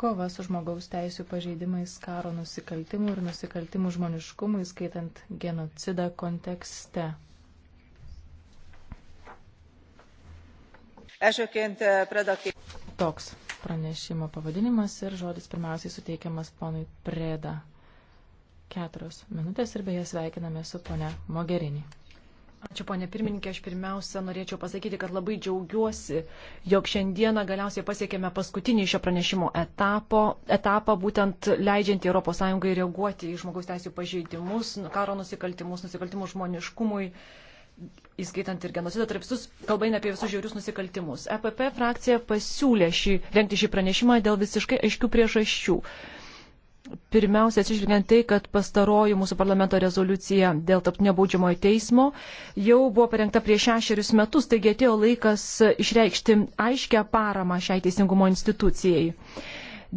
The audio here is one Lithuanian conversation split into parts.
kova su žmogaus teisų pažeidimais, karo nusikaltimų ir nusikaltimų žmoniškumui, skaitant genocidą kontekste. E, Toks pranešimo pavadinimas ir žodis pirmiausiai suteikiamas ponui Preda. Keturios minutės ir beje sveikiname su ponia Mogerinį. Ačiū, ponė pirmininkė. Aš pirmiausia norėčiau pasakyti, kad labai džiaugiuosi, jog šiandieną galiausiai pasiekėme paskutinį šio pranešimo etapo, etapą, būtent leidžiant ES reaguoti į žmogaus teisų pažeidimus, nu, karo nusikaltimus, nusikaltimus žmoniškumui, įskaitant ir genocidą, tarp visus, kalba eina apie visus žiaurius nusikaltimus. EPP frakcija pasiūlė šį, rengti šį pranešimą dėl visiškai aiškių priežasčių. Pirmiausia, atsižvelgiant tai, kad pastaroji mūsų parlamento rezoliucija dėl taptinio baudžiamojo teismo jau buvo parengta prieš šešerius metus, taigi atėjo laikas išreikšti aiškę paramą šiai teisingumo institucijai.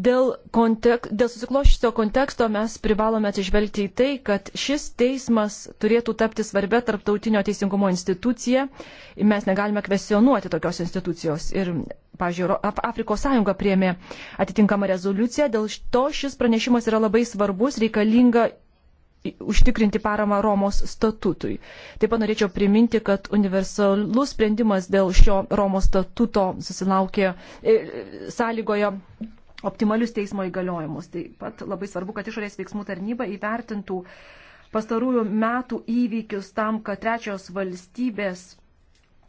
Dėl, kontek dėl susiklošusio konteksto mes privalome atsižvelgti į tai, kad šis teismas turėtų tapti svarbia tarptautinio teisingumo institucija. Mes negalime kvesionuoti tokios institucijos. Ir pavyzdžiui, Afrikos sąjunga priemė atitinkamą rezoliuciją, dėl to šis pranešimas yra labai svarbus, reikalinga užtikrinti paramą Romos statutui. Taip pat norėčiau priminti, kad universalus sprendimas dėl šio Romos statuto susilaukė e, sąlygojo optimalius teismo įgaliojimus. Taip pat labai svarbu, kad išorės veiksmų tarnyba įvertintų pastarųjų metų įvykius tam, kad trečios valstybės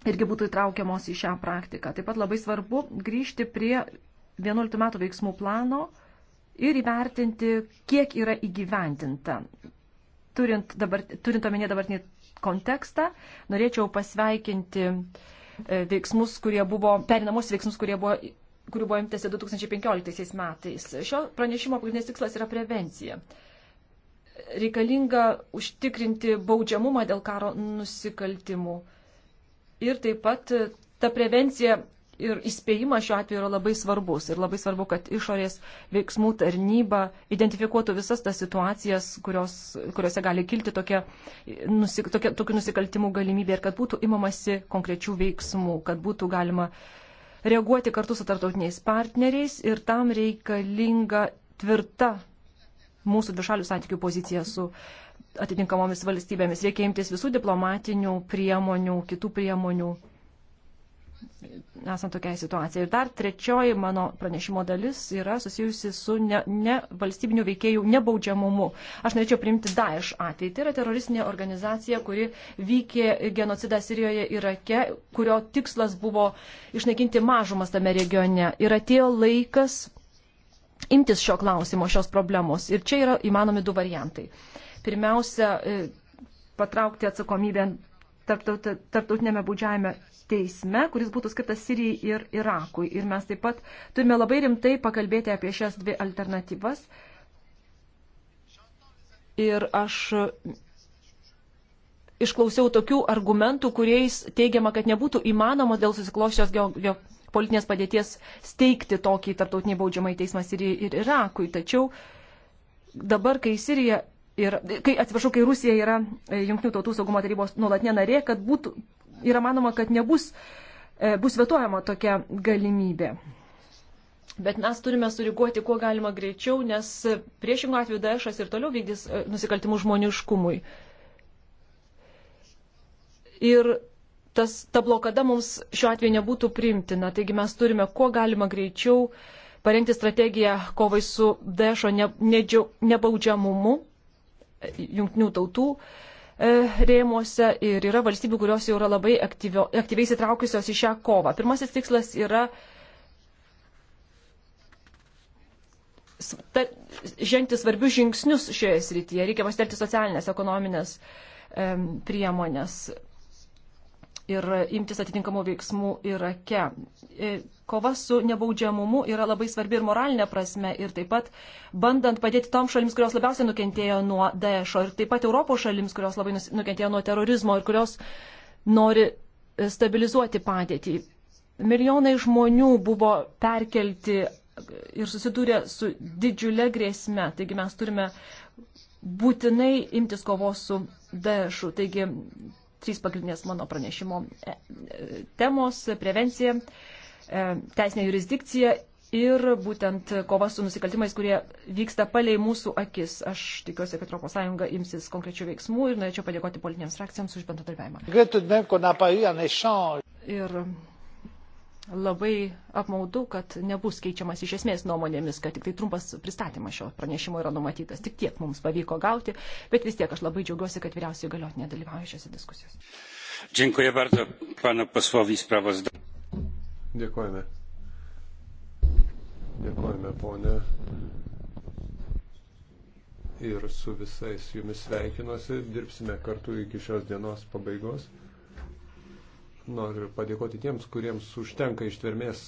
irgi būtų įtraukiamos į šią praktiką. Taip pat labai svarbu grįžti prie 11 metų veiksmų plano ir įvertinti, kiek yra įgyventinta. Turint, dabar, turint omenyje dabartinį kontekstą, norėčiau pasveikinti e, veiksmus, kurie buvo, perinamos veiksmus, kurie buvo kurių buvo imtasi 2015 metais. Šio pranešimo pagrindinis tikslas yra prevencija reikalinga užtikrinti baudžiamumą dėl karo nusikaltimų. Ir taip pat e, ta prevencija ir įspėjimas šiuo atveju yra labai svarbus. Ir labai svarbu, kad išorės veiksmų tarnyba identifikuotų visas tas situacijas, kurios, kuriuose gali kilti tokia, nusik, tokia, tokių nusikaltimų galimybė ir kad būtų imamasi konkrečių veiksmų, kad būtų galima reaguoti kartu su tartautiniais partneriais ir tam reikalinga tvirta mūsų dvišalių santykių poziciją su atitinkamomis valstybėmis. Reikia imtis visų diplomatinių priemonių, kitų priemonių, esant tokiai situacijai. Ir dar trečioji mano pranešimo dalis yra susijusi su ne, ne valstybinių veikėjų nebaudžiamumu. Aš norėčiau priimti Daesh atvejį. Tai yra teroristinė organizacija, kuri vykė genocidą Sirijoje, Irake, kurio tikslas buvo išnaikinti mažumas tame regione. Ir atėjo laikas imtis šio klausimo, šios problemos. Ir čia yra įmanomi du variantai. Pirmiausia, e, patraukti atsakomybę tarptautinėme būdžiajame teisme, kuris būtų skirtas Sirijai ir Irakui. Ir mes taip pat turime labai rimtai pakalbėti apie šias dvi alternatyvas. Ir aš išklausiau tokių argumentų, kuriais teigiama, kad nebūtų įmanoma dėl susikloščios geografijos politinės padėties steigti tokį tarptautinį baudžiamąjį teismą Sirijai ir Irakui. Tačiau dabar, kai Sirija ir, kai, atsiprašau, kai Rusija yra e, Junktinių tautų saugumo tarybos nuolatinė narė, kad būtų, yra manoma, kad nebus, e, bus vetuojama tokia galimybė. Bet mes turime suriguoti kuo galima greičiau, nes e, priešingų atveju Daešas ir toliau vykdys nusikaltimus žmoniškumui. Ir tas, ta blokada mums šiuo atveju nebūtų priimtina. Taigi mes turime kuo galima greičiau parengti strategiją kovai su Daešo ne, nedžiau, nebaudžiamumu e, jungtinių tautų e, rėmuose ir yra valstybių, kurios jau yra labai aktyvio, aktyviai įsitraukusios į šią kovą. Pirmasis tikslas yra ta, žengti svarbius žingsnius šioje srityje. Reikia pasitelkti socialinės, ekonominės priemonės ir imtis atitinkamų veiksmų Irake. E, kova su nebaudžiamumu yra labai svarbi ir moralinė prasme ir taip pat bandant padėti tom šalims, kurios labiausiai nukentėjo nuo Daesho ir taip pat Europos šalims, kurios labai nukentėjo nuo terorizmo ir kurios nori e, stabilizuoti padėtį. Milijonai žmonių buvo perkelti ir susidūrė su didžiulė grėsme, taigi mes turime būtinai imtis kovos su Daešu. Taigi trys pagrindinės mano pranešimo e, e, temos - prevencija, e, teisinė jurisdikcija ir būtent kova su nusikaltimais, kurie vyksta palei mūsų akis. Aš tikiuosi, kad ES imsis konkrečių veiksmų ir norėčiau padėkoti politinėms frakcijams už bendradarbiavimą. Ir labai apmaudu, kad nebus keičiamas iš esmės nuomonėmis, kad tik tai trumpas pristatymas šio pranešimo yra numatytas. Tik tiek mums pavyko gauti, bet vis tiek aš labai džiaugiuosi, kad vyriausiai galiotinė dalyvauja šiose diskusijose. Dziękuję bardzo panu posłowi sprawozdawcy. Dėkojame. Dėkojame, ponė. Ir su visais jumis sveikinuosi, dirbsime kartu iki šios dienos pabaigos. Noriu padėkoti tiems, kuriems užtenka ištvermės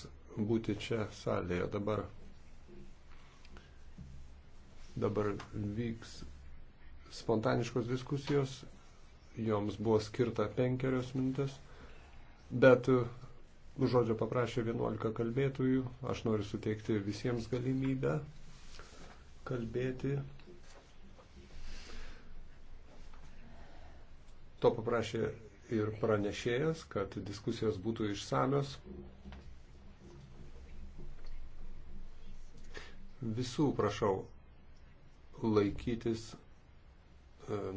būti čia salėje dabar. Dabar vyks spontaniškos diskusijos, joms buvo skirta penkerios minutės, bet nu, žodžio paprašė 11 kalbėtojų, aš noriu suteikti visiems galimybę kalbėti. To paprašė ir pranešėjas, kad diskusijos būtų išsamios. Visų prašau laikytis e,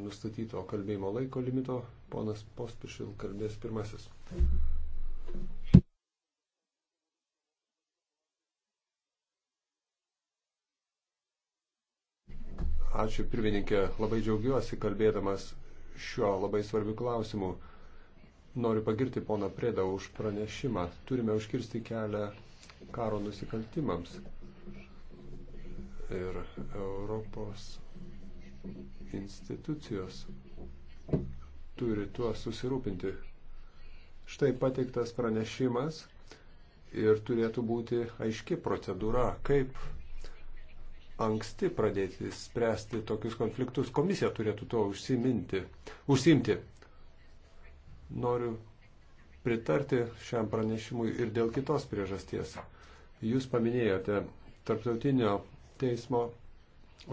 nustatyto kalbėjimo laiko limito. Ponas Pospišil kalbės pirmasis. Ačiū pirmininkė, labai džiaugiuosi kalbėdamas šiuo labai svarbiu klausimu. Noriu pagirti poną Prėdą už pranešimą. Turime užkirsti kelią karo nusikaltimams. Ir Europos institucijos turi tuo susirūpinti. Štai pateiktas pranešimas ir turėtų būti aiški procedūra, kaip anksti pradėti spręsti tokius konfliktus. Komisija turėtų tuo užsiminti, užsimti. Noriu pritarti šiam pranešimui ir dėl kitos priežasties. Jūs paminėjote tarptautinio teismo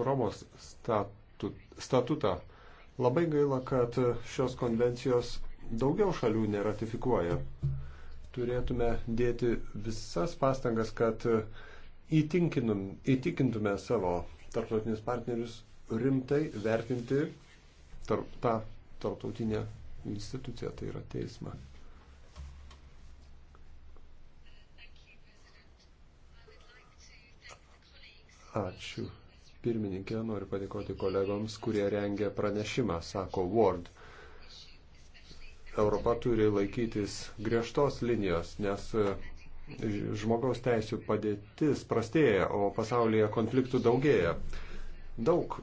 Romos statut, statutą. Labai gaila, kad šios konvencijos daugiau šalių neratifikuoja. Turėtume dėti visas pastangas, kad įtikintume savo tarptautinius partnerius rimtai vertinti tarp, tą tarptautinę instituciją, tai yra teismą. Ačiū. Pirmininkė, noriu padėkoti kolegoms, kurie rengė pranešimą, sako Ward. Europa turi laikytis griežtos linijos, nes e, žmogaus teisų padėtis prastėja, o pasaulyje konfliktų daugėja. Daug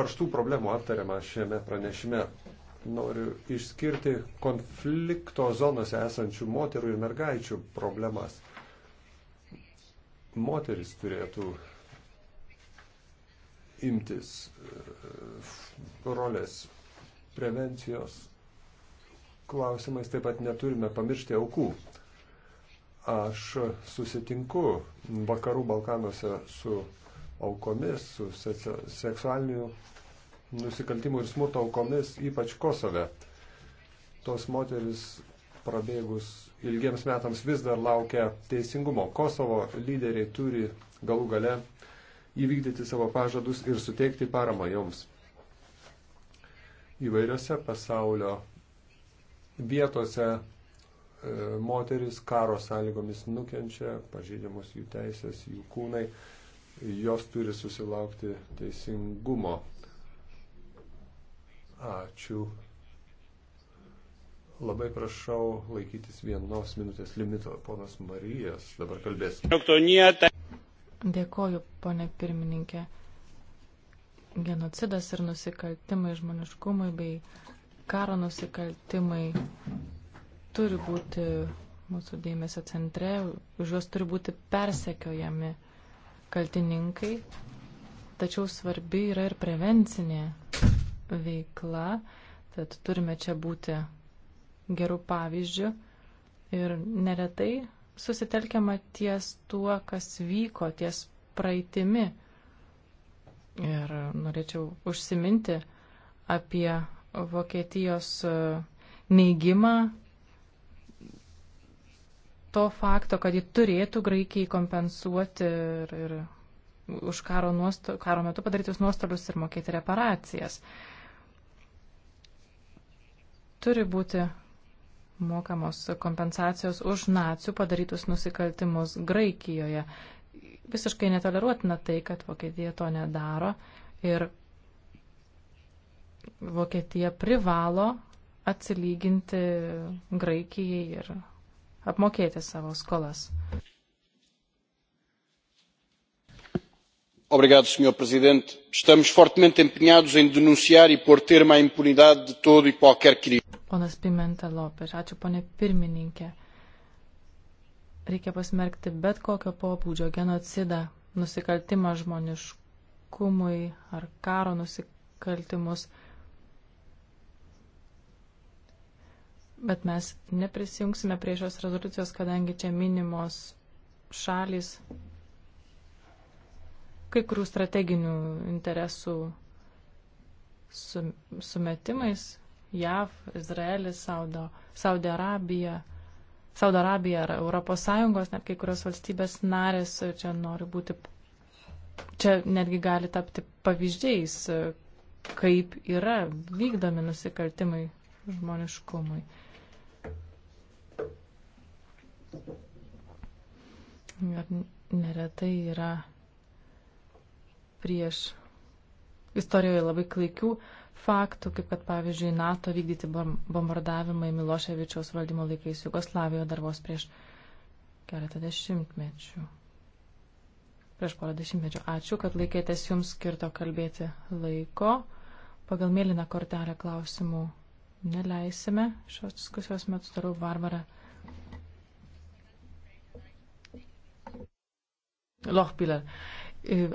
karštų problemų aptariama šiame pranešime noriu išskirti konflikto zonose esančių moterų ir mergaičių problemas. Moteris turėtų imtis e, rolės prevencijos klausimais, taip pat neturime pamiršti aukų. Aš susitinku vakarų Balkanuose su aukomis, su seksualiniu nusikaltimų ir smurto aukomis, ypač Kosove. Tos moteris prabėgus ilgiems metams vis dar laukia teisingumo. Kosovo lyderiai turi galų gale įvykdyti savo pažadus ir suteikti paramą joms. Įvairiose pasaulio vietose e, moteris karo sąlygomis nukenčia, pažydžiamos jų teisės, jų kūnai, jos turi susilaukti teisingumo. Ačiū. Labai prašau laikytis vienos minutės limito. Ponas Marijas dabar kalbės. Dėkoju, ponė pirmininkė. Genocidas ir nusikaltimai žmoniškumui bei karo nusikaltimai turi būti mūsų dėmesio centre, už juos turi būti persekiojami kaltininkai, tačiau svarbi yra ir prevencinė veikla, tad turime čia būti gerų pavyzdžių ir neretai susitelkiama ties tuo, kas vyko, ties praeitimi. Ir norėčiau užsiminti apie Vokietijos e, neigimą to fakto, kad ji turėtų Graikijai kompensuoti ir, ir už karo, nuosto, karo metu padarytus nuostolius ir mokėti reparacijas. Uh, turi būti mokamos kompensacijos už nacių padarytus nusikaltimus Graikijoje. Visiškai netoleruotina tai, kad Vokietija to nedaro ir Vokietija privalo atsilyginti Graikijai ir apmokėti savo skolas. senhor presidente estamos fortemente empenhados em denunciar e pôr termo à impunidade de todo e qualquer crime. Ponas Pimenta Lopeš, ačiū ponė pirmininkė. Reikia pasmerkti bet kokio pobūdžio genocidą, nusikaltimą žmoniškumui ar karo nusikaltimus. Bet mes neprisijungsime prie šios rezoliucijos, kadangi čia minimos šalis kai kurių strateginių interesų sumetimais, JAV, Izraelis, Saudo, Saudo Arabija. Saudo Arabija ar Europos Sąjungos, net kai kurios valstybės narės čia nori būti, čia netgi gali tapti pavyzdžiais, kaip yra vykdomi nusikaltimai žmoniškumui. Ir neretai yra prieš istorijoje labai klaikių faktų, kaip kad pavyzdžiui NATO vykdyti bombardavimai Miloševičiaus valdymo laikais Jugoslavijoje dar vos prieš keletą dešimtmečių. Prieš porą dešimtmečių. Ačiū, kad laikėtės jums skirto kalbėti laiko. Pagal mėlyną kortelę klausimų neleisime. Šios diskusijos metu darau Varvarą Lochbiller.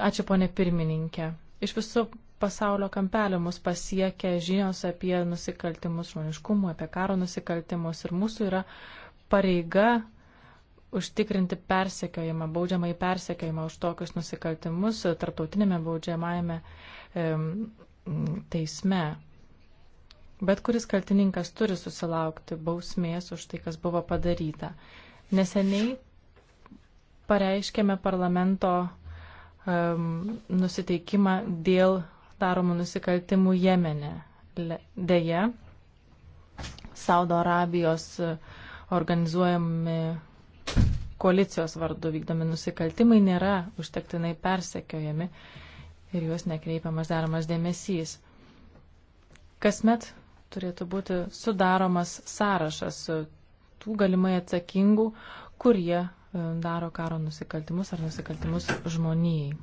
Ačiū, ponė pirmininkė. Iš viso pasaulio kampelio mus pasiekia žinios apie nusikaltimus žmoniškumų, apie karo nusikaltimus ir mūsų yra pareiga užtikrinti persekiojimą, baudžiamą į persekiojimą už tokius nusikaltimus tarptautinėme baudžiamajame e, teisme. Bet kuris kaltininkas turi susilaukti bausmės už tai, kas buvo padaryta. Neseniai pareiškėme parlamento um, nusiteikimą dėl daromų nusikaltimų Jemene. Deja, Saudo Arabijos e, organizuojami koalicijos vardu vykdomi nusikaltimai nėra užtektinai persekiojami ir juos nekreipiamas daromas dėmesys. Kasmet turėtų būti sudaromas sąrašas e, tų galimai atsakingų, kurie e, daro karo nusikaltimus ar nusikaltimus žmonijai.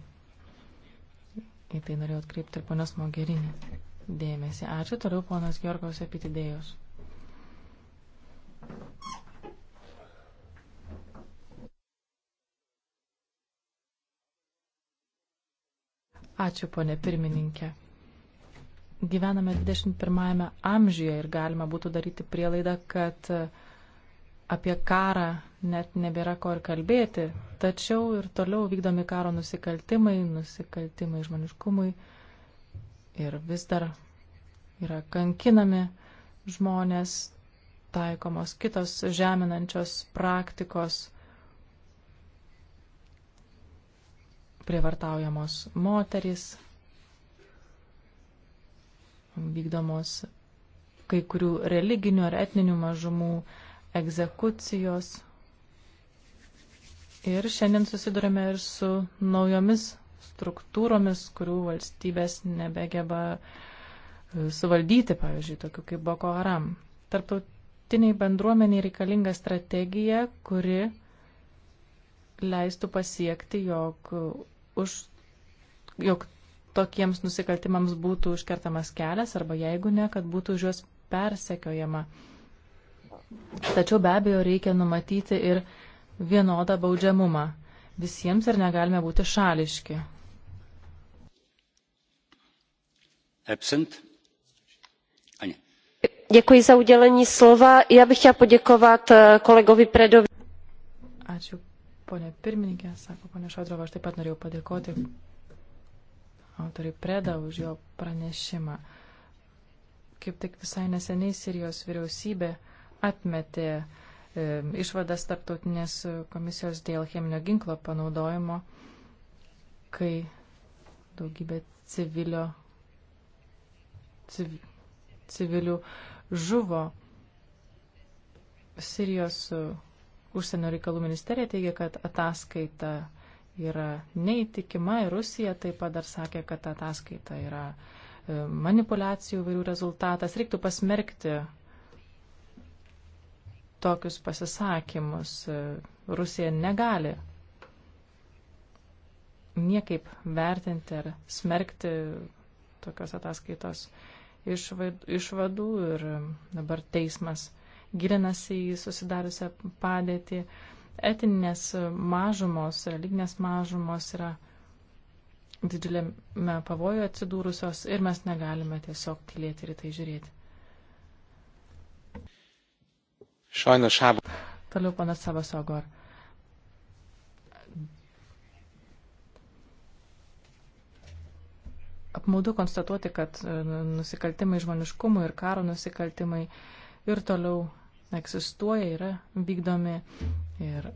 Į tai norėjau atkreipti ir ponios Mogerinė dėmesį. Ačiū toliau ponas Georgos Epitidėjus. Ačiū, ponė pirmininkė. Gyvename 21 amžiuje ir galima būtų daryti prielaidą, kad apie karą net nebėra ko ir kalbėti. Tačiau ir toliau vykdomi karo nusikaltimai, nusikaltimai žmoniškumui ir vis dar yra kankinami žmonės, taikomos kitos žeminančios praktikos, prievartaujamos moterys, vykdomos kai kurių religinių ar etninių mažumų egzekucijos Ir šiandien susidurime ir su naujomis struktūromis, kurių valstybės nebegeba e, suvaldyti, pavyzdžiui, tokių kaip Boko Haram. Tarptautiniai bendruomeniai reikalinga strategija, kuri leistų pasiekti, jog, už, jog tokiems nusikaltimams būtų užkertamas kelias arba jeigu ne, kad būtų už juos persekiojama. Tačiau be abejo reikia numatyti ir vienodą baudžiamumą visiems ir negalime būti šališki. Absent. Děkuji za udělení slova. Já bych chtěla poděkovat eh, kolegovi Predovi. Ačiū, ponė pirmininkė, sako ponė Šodrova, aš taip pat norėjau padėkoti autoriai Preda už jo pranešimą. Kaip tik visai neseniai Sirijos vyriausybė atmetė uh, E, išvadas tarptautinės komisijos dėl cheminio ginklo panaudojimo, kai daugybė civilio, civ, civilių žuvo. Sirijos užsienio reikalų ministerija teigia, kad ataskaita yra neįtikima ir Rusija taip pat dar sakė, kad ataskaita yra e, manipulacijų vairių rezultatas. Reiktų pasmerkti tokius pasisakymus. Rusija negali niekaip vertinti ar smerkti tokios ataskaitos išvadų ir dabar teismas gilinasi į susidariusią padėtį. Etinės mažumos, religinės mažumos yra didžiulėme pavoju atsidūrusios ir mes negalime tiesiog tylėti ir tai žiūrėti. Sajnos háború. Toliau panas Szavaszagor. Apmaudu konstatuoti, kad e, nusikaltimai žmoniškumui ir karo nusikaltimai ir toliau egzistuoja, yra vykdomi. Ir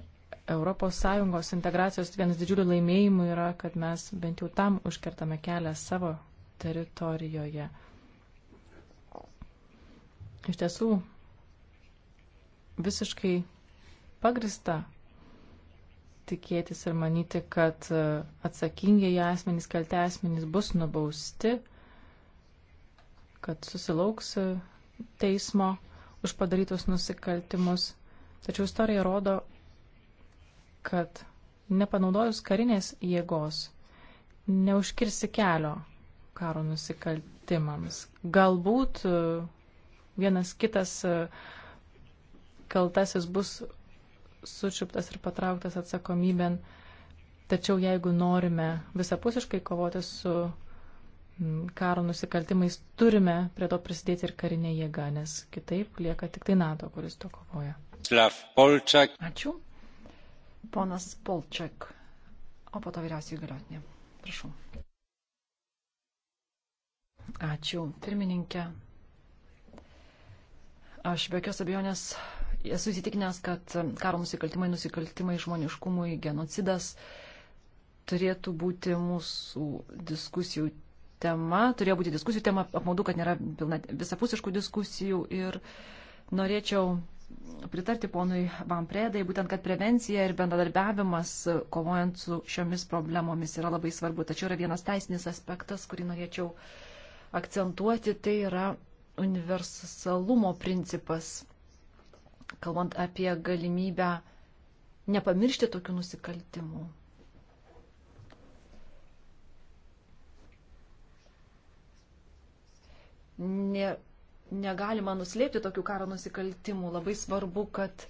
ES integracijos vienas didžiulių laimėjimų yra, kad mes bent jau tam užkertame kelią savo teritorijoje. Iš tiesų, visiškai pagrista tikėtis ir manyti, kad e, atsakingiai asmenys, kalti asmenys bus nubausti, kad susilauks e, teismo už padarytus nusikaltimus. Tačiau istorija rodo, kad nepanaudojus karinės jėgos neužkirsi kelio karo nusikaltimams. Galbūt e, vienas kitas uh, kaltasis bus sučiuptas ir patrauktas atsakomybėn. Tačiau jeigu norime visapusiškai kovoti su mm, karo nusikaltimais, turime prie to prisidėti ir karinė jėga, nes kitaip lieka tik tai NATO, kuris to kovoja. Ačiū. Ponas Polčiak, o po to vyriausiai galiotinė. Prašau. Ačiū, pirmininkė. Aš be jokios abejonės esu įsitikinęs, kad karo nusikaltimai, nusikaltimai žmoniškumui, genocidas turėtų būti mūsų diskusijų tema, turėjo būti diskusijų tema, apmaudu, kad nėra pilna visapusiškų diskusijų ir norėčiau pritarti ponui Vampredai, būtent, kad prevencija ir bendradarbiavimas kovojant su šiomis problemomis yra labai svarbu. Tačiau yra vienas teisinis aspektas, kurį norėčiau akcentuoti, tai yra universalumo principas kalbant apie galimybę nepamiršti tokių nusikaltimų. Ne, negalima nuslėpti tokių karo nusikaltimų. Labai svarbu, kad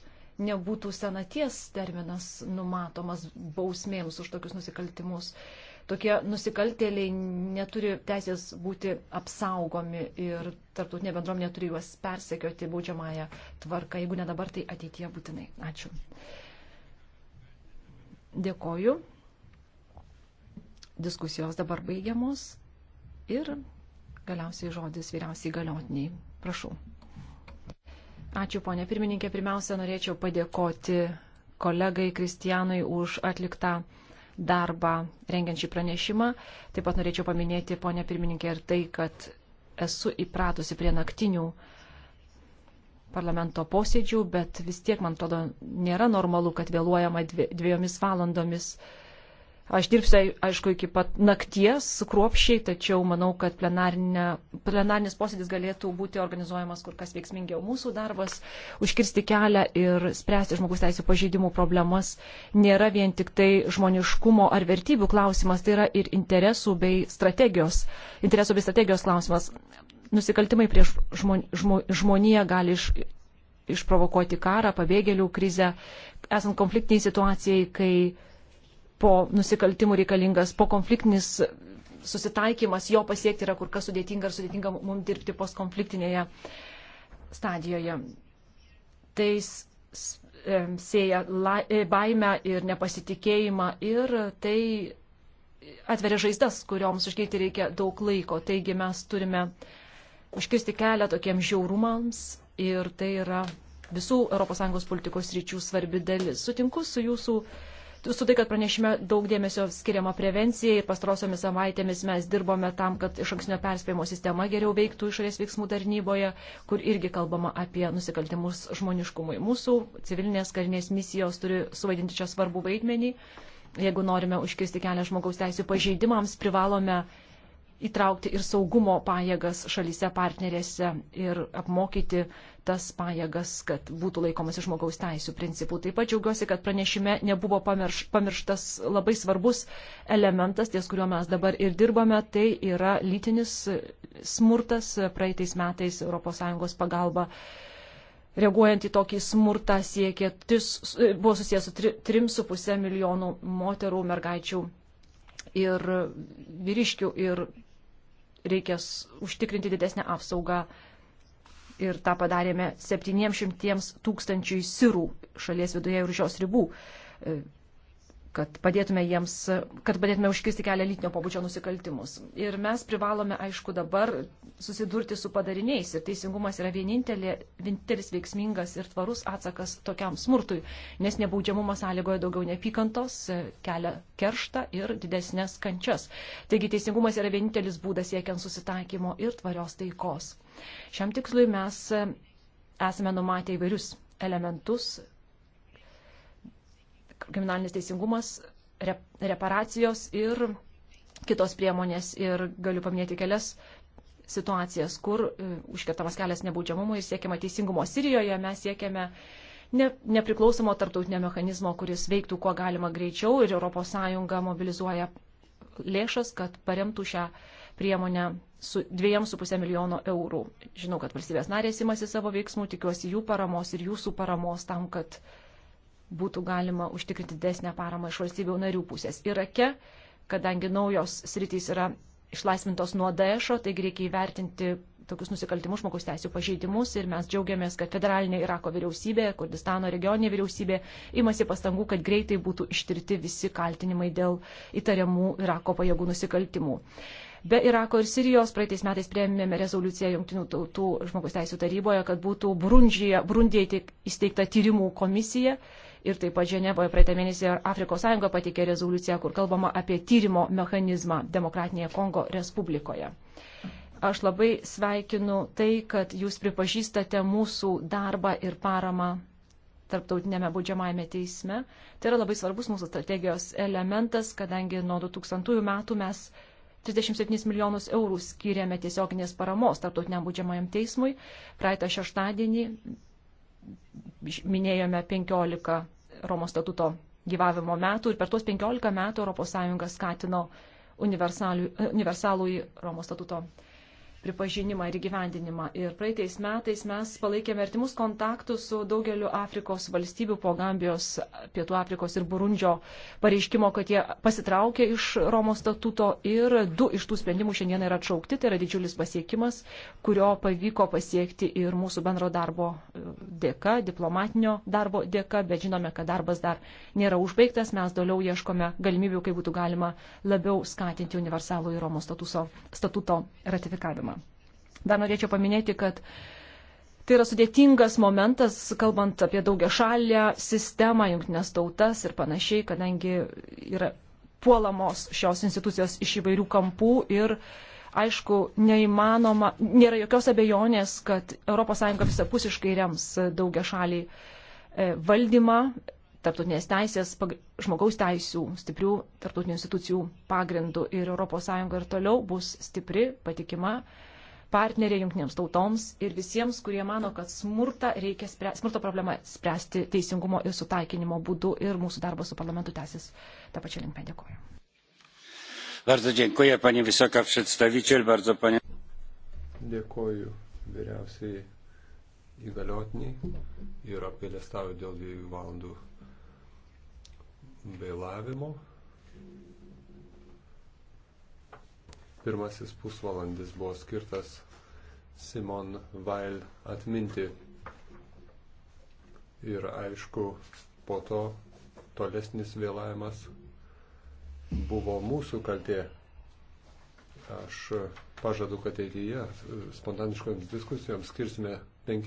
nebūtų senaties terminas numatomas bausmėms už tokius nusikaltimus. Uh, tokie nusikaltėliai neturi teisės būti apsaugomi ir tarptautinė bendruomenė turi juos persekioti baudžiamąją tvarką. Jeigu ne dabar, tai ateityje būtinai. Ačiū. Dėkoju. Diskusijos dabar baigiamos ir galiausiai žodis vyriausiai galiotiniai. Prašau. Ačiū, ponė pirmininkė. Pirmiausia, norėčiau padėkoti kolegai Kristijanui už atliktą darbą rengiant šį pranešimą. Taip pat norėčiau paminėti, ponė pirmininkė, ir tai, kad esu įpratusi prie naktinių parlamento posėdžių, bet vis tiek, man atrodo, nėra normalu, kad vėluojama dviejomis valandomis uh, Aš dirbsiu, aišku, iki pat nakties kruopšiai, tačiau manau, kad plenarinis posėdis galėtų būti organizuojamas kur kas veiksmingiau. Mūsų darbas užkirsti kelią ir spręsti žmogus teisų pažeidimų problemas nėra vien tik tai žmoniškumo ar vertybių klausimas, tai yra ir interesų bei strategijos, interesų bei strategijos klausimas. Nusikaltimai prieš žmon, žmo, žmoniją gali iš, išprovokuoti karą, pabėgėlių krizę, esant konfliktiniai situacijai, kai po nusikaltimų reikalingas, po konfliktinis susitaikymas, jo pasiekti yra kur kas sudėtinga ir sudėtinga mums dirbti postkonfliktinėje stadijoje. Tai sėja e, baimę ir nepasitikėjimą ir tai atveria žaizdas, kurioms užkeiti reikia daug laiko. Taigi mes turime užkirsti kelią tokiems žiaurumams ir tai yra visų ES politikos ryčių svarbi dalis. Sutinku su jūsų uh, su tai, kad pranešime daug dėmesio skiriama prevencijai ir pastarosiomis savaitėmis mes dirbome tam, kad iš anksnio perspėjimo sistema geriau veiktų išorės veiksmų tarnyboje, kur irgi kalbama apie nusikaltimus žmoniškumui. Mūsų civilinės karinės misijos turi suvaidinti čia svarbų vaidmenį. Jeigu norime užkirsti kelią žmogaus teisų pažeidimams, privalome įtraukti ir saugumo pajėgas šalyse partnerėse ir apmokyti tas pajėgas, kad būtų laikomasi žmogaus teisų principų. Taip pat džiaugiuosi, kad pranešime nebuvo pamirš, pamirštas labai svarbus elementas, ties kuriuo mes dabar ir dirbame, tai yra lytinis smurtas praeitais metais ES pagalba. Reaguojant į tokį smurtą siekė, tris, buvo susijęs su 3,5 milijonų moterų, mergaičių ir vyriškių ir reikės užtikrinti didesnę apsaugą ir tą padarėme 700 tūkstančių sirų šalies viduje ir už jos ribų. E, kad padėtume jiems, kad padėtume užkirsti kelią lytinio pobūdžio nusikaltimus. Ir mes privalome, aišku, dabar susidurti su padariniais. Ir teisingumas yra vienintelis veiksmingas ir tvarus atsakas tokiam smurtui, nes nebaudžiamumas sąlygoja daugiau neapykantos, kelia kerštą ir didesnės kančias. Taigi teisingumas yra vienintelis būdas siekiant susitaikymo ir tvarios taikos. Šiam tikslui mes esame numatę įvairius elementus kriminalinis teisingumas, reparacijos ir kitos priemonės. Ir galiu paminėti kelias situacijas, kur e, užkertamas kelias nebaudžiamumui ir siekiama teisingumo. Sirijoje mes siekiame ne, nepriklausomo tarptautinio mechanizmo, kuris veiktų kuo galima greičiau ir ES mobilizuoja lėšas, kad paremtų šią priemonę su 2,5 milijono eurų. Žinau, kad valstybės narės imasi savo veiksmų, tikiuosi jų paramos ir jūsų paramos tam, kad būtų galima užtikrinti didesnę paramą iš valstybių narių pusės. Irake, kadangi naujos sritys yra išlaisvintos nuo Daesho, taigi reikia įvertinti tokius nusikaltimus, žmogaus teisų pažeidimus ir mes džiaugiamės, kad federalinė Irako vyriausybė, Kurdistano regioninė vyriausybė imasi pastangų, kad greitai būtų ištirti visi kaltinimai dėl įtariamų Irako pajėgų nusikaltimų. Be Irako ir Sirijos praeitais metais prieimėme rezoliuciją Junktinių tautų žmogaus teisų taryboje, kad būtų Brundžyje įsteigta tyrimų komisija ir taip pat Ženevoje praeitą mėnesį Afrikos Sąjunga patikė rezoliuciją, kur kalbama apie tyrimo mechanizmą Demokratinėje Kongo Respublikoje. Aš labai sveikinu tai, kad jūs pripažįstate mūsų darbą ir paramą tarptautinėme būdžiamajame teisme. Tai yra labai svarbus mūsų strategijos elementas, kadangi nuo 2000 metų mes 37 milijonus eurų skiriame tiesioginės paramos tarptautiniam būdžiamajam teismui. Praeitą šeštadienį minėjome 15 Romos statuto gyvavimo metų ir per tuos 15 metų ES skatino universalų į Romos statuto pripažinimą ir gyvendinimą. Ir praeitais metais mes palaikėme artimus kontaktus su daugeliu Afrikos valstybių po Gambijos, Pietų Afrikos ir Burundžio pareiškimo, kad jie pasitraukė iš Romos statuto ir du iš tų sprendimų šiandien yra atšaukti. Tai yra didžiulis pasiekimas, kurio pavyko pasiekti ir mūsų bendro darbo e, dėka, diplomatinio darbo dėka, bet žinome, kad darbas dar nėra užbaigtas. Mes toliau ieškome galimybių, kaip būtų galima labiau skatinti universalų į Romos statuso, statuto ratifikavimą. Dar norėčiau paminėti, kad tai yra sudėtingas momentas, kalbant apie daugia šalę sistemą, jungtinės tautas ir panašiai, kadangi yra puolamos šios institucijos iš įvairių kampų ir aišku, neįmanoma, nėra jokios abejonės, kad ES visapusiškai rems daugia šalį e, valdymą, tarptautinės teisės, žmogaus teisų, stiprių tarptautinių institucijų pagrindų ir ES ir toliau bus stipri, patikima partnerė jungtinėms tautoms ir visiems, kurie mano, kad reikia spręsti, smurto problemą spręsti teisingumo ir sutaikinimo būdu ir mūsų darbas su parlamentu tęsis tą pačią linkmę. Dėkuoju. Bardzo dziękuję, pani wysoka przedstawiciel, bardzo pani. Dėkuoju vyriausiai įgaliotiniai ir apėlėstauju dėl dviejų valandų vėlavimo. Pirmasis pusvalandis buvo skirtas Simon Weil atminti. Ir aišku, po to tolesnis vėlavimas buvo mūsų kaltė. Aš pažadu, kad ateityje spontaniškoms diskusijoms skirsime